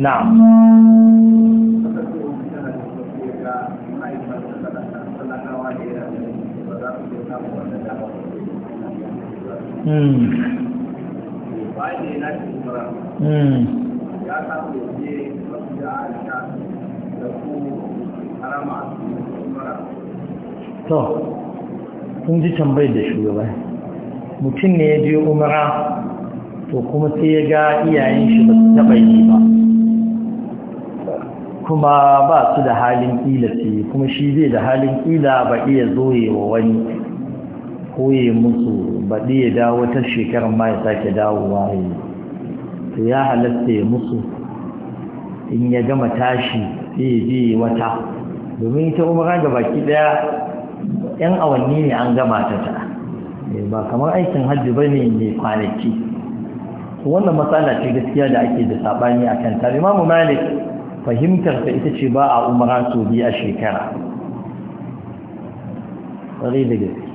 na'am hmm. to kun ji tambayar da shugaba mutum ne ya je umara to kuma sai ya ga iyayen shi ba su taɓa yi ba kuma ba su da halin ƙila ce kuma shi zai da halin ƙila ba iya zoye wa wani koye musu ba ya dawo ta shekarar ma ya sake wa yi to ya halatta ya musu in ya gama tashi zai je wata domin ita umara ga baki daya yan awanni ne an gama ta ta eh, ba kamar aikin hajji ba ne mai kwanaki wannan matsala ce gaskiya da ake da saɓani a kan ta imamu malik fahimtar ta ita ce ba a umara sau biyu a shekara ƙwarai da gaske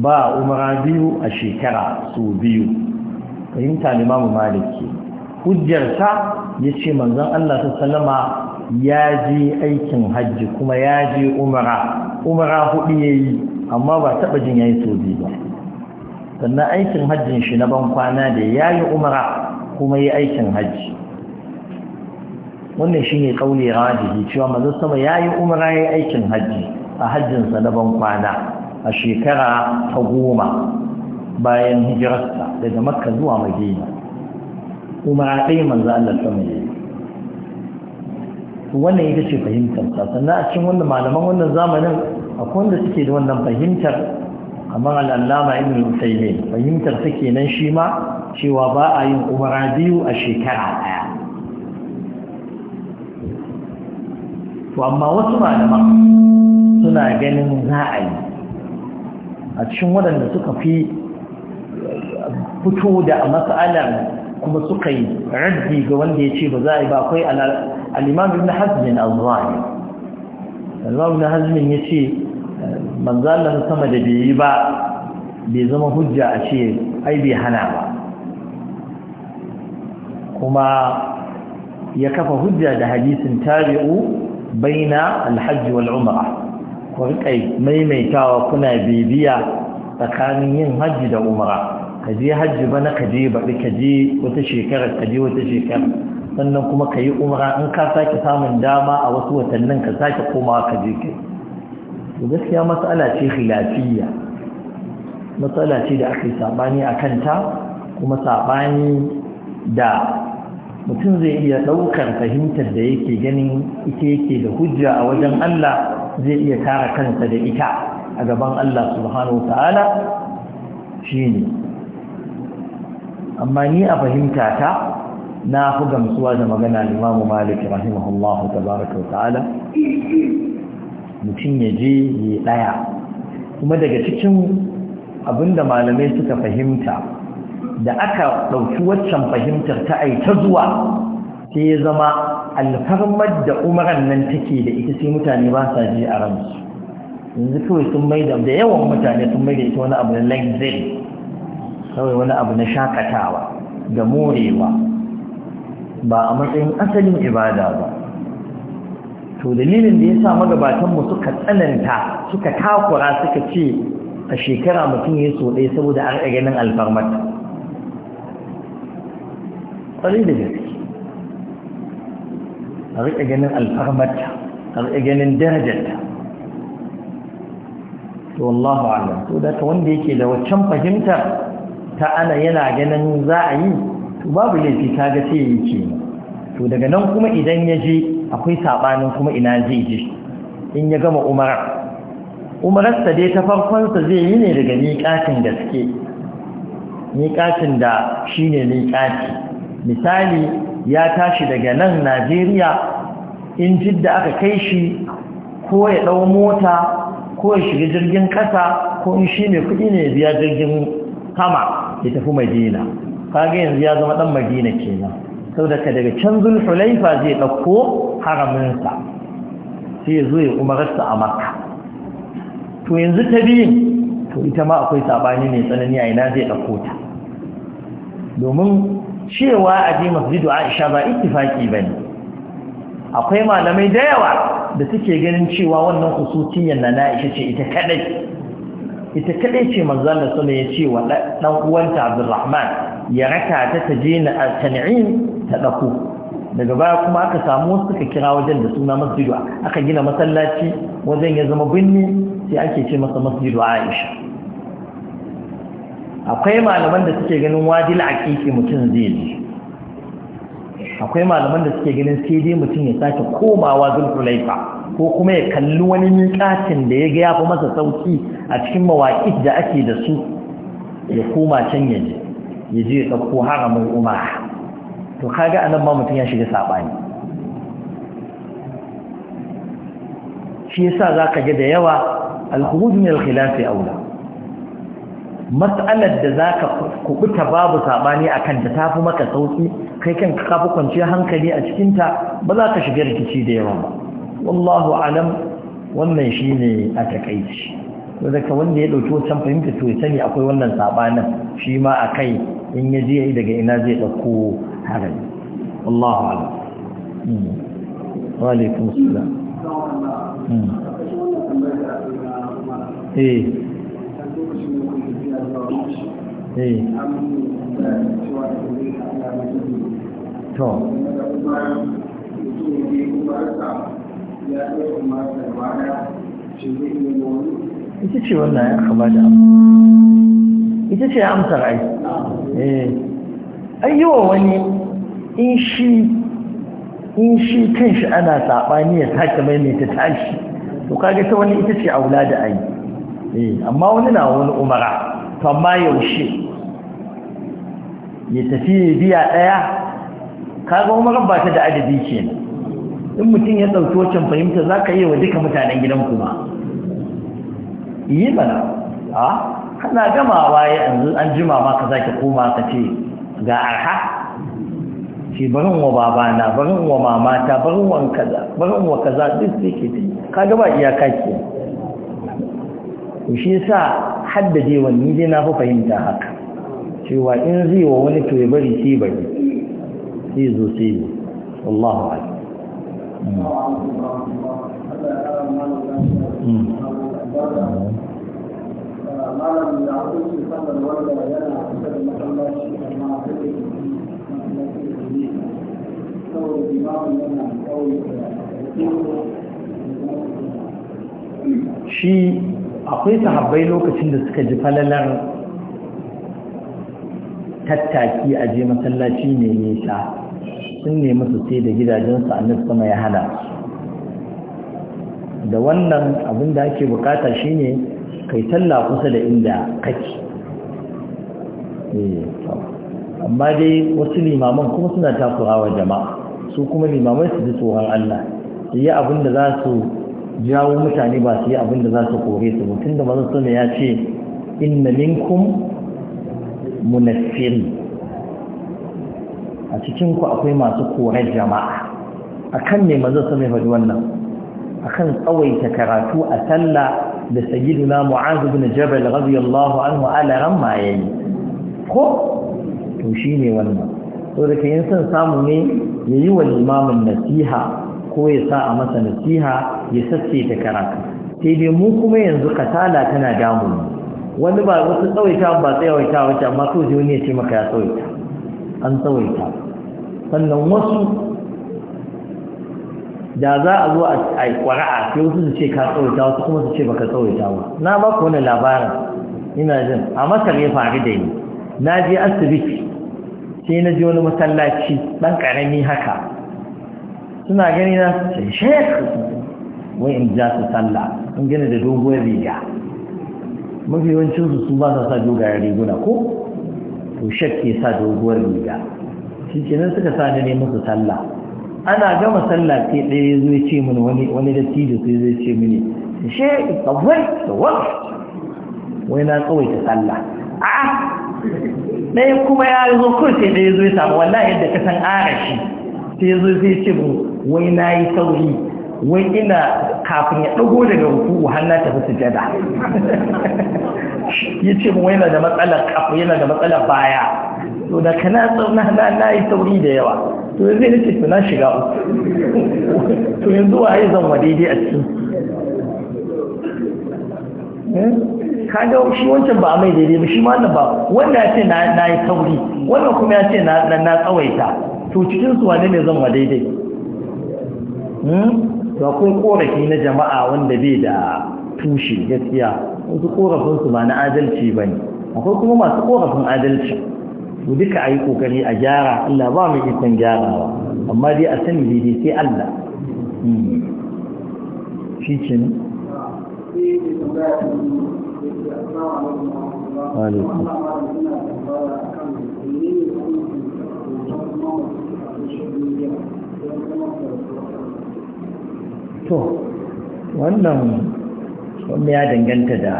ba a umara biyu a shekara sau biyu fahimta limamu maliki hujjarta ya ce manzon Allah ta salama ya je aikin hajji kuma ya je umara umara hudu ya yi amma ba taɓa jin ya yi sau biyu ba sannan aikin hajjin shi na ban kwana da ya yi umara kuma ya aikin hajji wannan shine kauli rajihi cewa mazan sama yayi ya yayi aikin hajji, a hajjinsa na ban kwana a shekara ta goma bayan hijirarsa daga makka zuwa madina umara ɗaya manza Allah sama yi. wannan ita ce fahimtar ta sannan a cikin wannan malaman wannan zamanin akwai wanda suke da wannan fahimtar kamar al'allama ibn Uthaymeen fahimtar take nan shi ma cewa ba a yin umara biyu a shekara ɗaya to amma wasu malaman suna ganin za a yi a cikin waɗanda suka fi fito da matsalar kuma suka yi raddi ga wanda ya ce ba za a yi ba akwai al'imam ibn hazmin al-zuwani al'imam ibn hazmin ya ce manzalar sama da bai yi ba bai zama hujja a ce ai bai hana ba kuma ya kafa hujja da hadisin tabi'u baina alhajji wal umra ku rika maimaitawa kuna bibiya tsakanin yin hajji da umra ka je hajji bana ka je ba ka je wata shekara ka je wata shekara sannan kuma ka yi umra in ka sake samun dama a wasu watannin ka sake komawa ka je kai to gaskiya matsala ce khilafiyya matsala ce da ake yi sabani a kanta kuma sabani da mutum zai iya ɗaukar fahimtar da yake ganin ita yake da hujja a wajen Allah zai iya tara kansa da ita a gaban Allah subhanahu ta'ala shi ne amma ni a fahimta ta na fi gamsuwa da magana limamu malik rahimahullahu tabaraka ta'ala mutum ya je ya ɗaya kuma daga cikin abinda malamai suka fahimta da aka ɗauki waccan fahimtar ta ai ta zuwa sai ya zama alfarmar da umaran nan take da ita sai mutane ba sa ji a ransu yanzu kawai sun mai da da yawan mutane sun mai da ita wani abu na lengzin kawai wani abu na shakatawa da morewa ba a matsayin asalin ibada ba to dalilin da ya sa mu suka tsananta suka takura suka ce a shekara mutum ya so ɗaya saboda an ganin alfarmata ƙwarai da a riƙe ganin alfarmarta a riƙe ganin darajarta to wallahu alam to daga wanda yake da waccan fahimtar ta ana yana ganin za a yi to babu laifi ta ce yi ke to daga nan kuma idan ya je akwai saɓanin kuma ina zai je in ya gama umara umararsa dai ta farkonsa zai yi ne daga miƙatin gaske miƙatin da shi ne miƙati misali ya tashi daga nan najeriya in jidda aka kai shi ko ya ɗau mota ko ya shiga jirgin ƙasa ko in shi mai kuɗi ne ya biya jirgin kama ya tafi madina kaga yanzu ya zama ɗan madina kenan sau daga daga can hulaifa zai ɗauko haraminsa sai ya zo ya umararsa a maka to yanzu ta biyun to ita ma akwai saɓani ne tsanani a ina zai ɗauko ta domin cewa a je masjidu Aisha ba ittifaki bane akwai malamai da yawa da suke ganin cewa wannan khususiyyar na Aisha ce ita kadai ita kadai ce manzo Allah sallallahu alaihi ya ce wa dan uwanta abdulrahman ya raka ta taje na al-tan'im ta dako daga baya kuma aka samu wasu suka kira wajen da suna masjidu aka gina masallaci wajen ya zama binni sai ake ce masa masjidu Aisha akwai malaman da suke ganin wadil aqiqi mutum zai yi akwai malaman da suke ganin sai dai mutum ya sake komawa kulaifa ko kuma ya kalli wani miƙatin da ya ga ya fi masa sauki a cikin mawaƙi da ake da su ya koma can ya ji, ya je ya ɗauko haramun umar to kaga anan ma mutum ya shiga saɓani shi yasa za ka ga da yawa alhudu min alkhilafi aula matsalar da za ka kubuta babu saɓani a da ta fi maka sauƙi kai kan ka fi kwanciyar hankali a cikinta ba za ka shiga rikici da yawa ba wallahu alam wannan shi ne a takaici daga wanda ya ɗauki wancan fahimta to ya sani akwai wannan saɓanin shi ma a kai in ya je daga ina zai ɗauko harari wallahu alam hmm. walaikum salam hmm. eh Eh. to ita ce wannan ya kama da ita ce ya amsar ai eh. ayyuwa wani in shi in shi kan shi ana saɓani ya sake mai mai ta tashi to kaga ta wani ita ce a wula da ai eh, amma wani na wani umara to amma yaushe ya tafi biya ɗaya kaga kuma ba ta da adadi ce in mutum ya ɗauki wancan fahimta za ka yi wa duka mutanen gidan kuma yi mana a kana gamawa yanzu an jima ma ka zaki koma ka ce ga arha ce barin wa babana barin wa mamata barin wa kaza barin wa kaza duk da ke ta ka gaba iyaka ke to shi yasa haddade wani dai na fi fahimta haka cewa in zai wa wani to ya bari shi bari shi zo sai ne hmm. shi akwai sahabbai lokacin da suka ji falalar tattaki a je masallaci ne nisa sun nemi su sai da gidajensu a nufin sama ya hana da wannan abin da ake bukata shine kai talla kusa da inda kake eh, amma dai wasu limaman kuma suna wa jama'a su kuma limaman su ji tsoron Allah su yi abin da za su jawo mutane ba su yi abin da za su kore su mutum da mazan ya ce inna minkum munafiri a cikin ku akwai masu korar jama'a akan ne manzo sai mai faɗi wannan akan tsawaita karatu a sallah da sayyiduna mu'az ibn jabal radiyallahu anhu ala ramma yayi ko to shine wannan to da kayan san samu ne yayi wa limamin nasiha ko ya sa a masa nasiha ya ta karatu sai dai mu kuma yanzu kasala tana damu wani ba wasu tsawaita ba tsawaita wace amma so ji wani ya ce maka ya tsawaita an tsawaita sannan wasu da za a zo a yi ƙwara'a sai wasu su ce ka tsawaita wasu kuma su ce baka tsawaita ba na ba ku wani labarin ina jin a masar ya faru da ni na je asibiti sai na ji wani masallaci ɗan ƙarami haka suna gani na ce shek wai in ja su sallah in gina da doguwar riga mafi yawancin su su ba sa sa dogayen riguna ko to shak ke sa doguwar riga shi ke nan suka sa ne musu sallah ana gama sallah sai ɗaya zai ce mini wani wani dattijo sai zai ce mini she tsawai tsawai wai na tsawaita sallah a'a ɗaya kuma ya zo kurce sai ɗaya zai samu wallahi yadda ka san arashi sai zai ce mu wai na yi sauri wai ina kafin ya ɗago daga ruku hannu ta fi sujada ya ce mu yana da matsalar kafa yana da matsalar baya to da kana tsauna na na yi sauri da yawa to yanzu ne ce na shiga uku to yanzu wa zan wa daidai a cikin eh? ga shi wancan ba mai daidai ba shi ma ba wanda ya ce na yi sauri wannan kuma ya ce na tsawaita to cikin su wane ne zan wa daidai hmm? ba kun korafi na jama'a wanda bai da tushe gaskiya wasu su ba na adalci ba ne akwai kuma masu korafin adalci to duka a yi kokari a gyara Allah ba mu ikon gyarawa amma dai a sani daidai sai Allah shi ce ne? Wa alaikum. to wannan wanda ya danganta da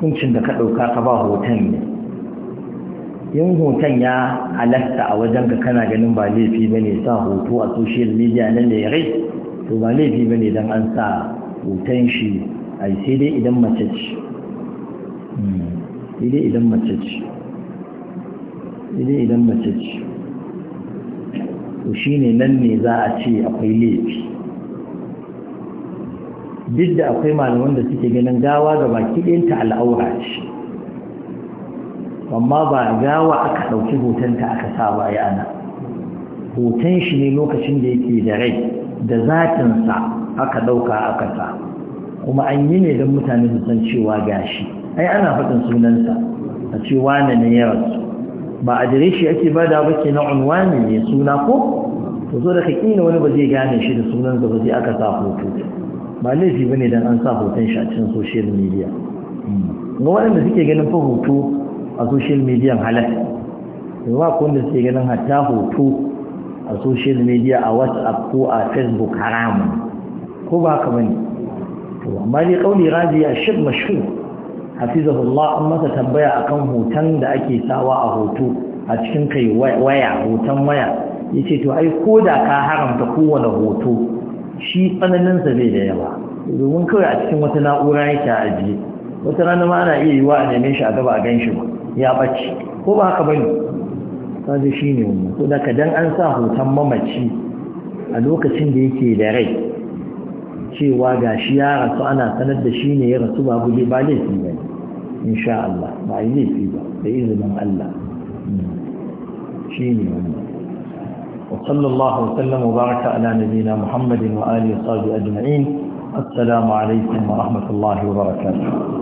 kuncin da ka ɗauka ka ba hoton ne yin hoton ya alasta a wajen ka kana ganin ba laifi ba ne sa hoto a social media na lerai to ba laifi ba ne don an sa hoton shi a sai dai idan mace ce hmm, sai dai idan mace ce sai dai idan mace ce to shine nan ne za a ce akwai laifi duk da akwai malaman da suke ganin gawa ga baki ɗinta al'aura ce amma ba gawa aka ɗauki hotonta aka sa ba ya ana hoton shi ne lokacin da yake da rai da zatinsa aka ɗauka aka sa kuma an yi ne don mutane su san cewa gashi ai ana faɗin sunansa a ce wane ne ya rasu ba adireshi ake bada ba ke na unwani ne suna ko to zo da kakina wani ba zai gane shi da sunansa ba zai aka sa hoto ba laifi ba ne don an sa hoton shi a cikin social media ga waɗanda suke ganin fa hoto a social media halar ba ku wanda suke ganin hatta hoto a social media a whatsapp ko a facebook haram ko ba ka bane to amma dai kauli raji a shib mashhur hafizahullah an masa tambaya akan hoton da ake sawa a hoto a cikin kai waya hoton waya yace to ai ko da ka haramta kowane hoto shi tsananinsa zai da yawa domin kawai a cikin wata na'ura yake ajiye wata rana ma ana iya yiwa a neme shi a gaba a gan shi ya ɓace ko ba haka bane kaji shi ne wannan ko da kadan an sa hoton mamaci a lokacin da yake da rai cewa gashi ya rasu ana sanar da shi ne ya rasu ba guje ba laifi ba insha Allah ba yi laifi ba da izinin Allah hmm. shi ne wannan وصلى الله وسلم وبارك على نبينا محمد وآله وصحبه أجمعين السلام عليكم ورحمة الله وبركاته